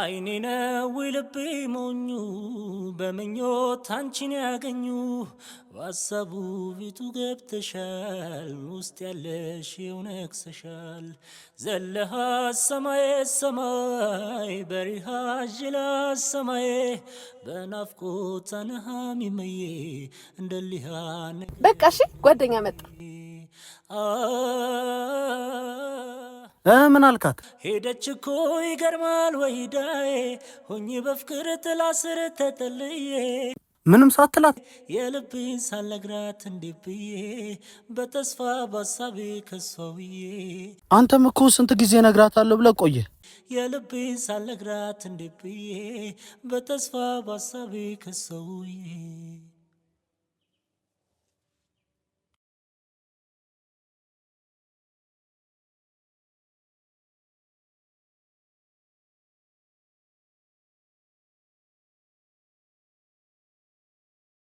አይኔ ነው ልቤ ሞኙ በምኞት አንቺን ያገኙ ባሰቡ ፊቱ ገብተሻል ውስጥ ያለሽ የውነክሰሻል ዘለሃ ሰማይ ሰማይ በሪሃ ጅላ ሰማይ በናፍቆት አነሃሚ መዬ እንደሊሃ በቃ እሺ ጓደኛ መጣ ምን አልካት? ሄደች እኮ ይገርማል። ወይዳዬ ሆኜ በፍቅር ጥላ ስር ተጠልዬ ምንም ሳትላት የልብን ሳልነግራት እንዲህ ብዬ በተስፋ በሀሳቤ ከሰውዬ አንተም እኮ ስንት ጊዜ እነግራታለሁ ብለህ ቆየ የልብን ሳልነግራት እንዲህ ብዬ በተስፋ በሀሳቤ ከሰውዬ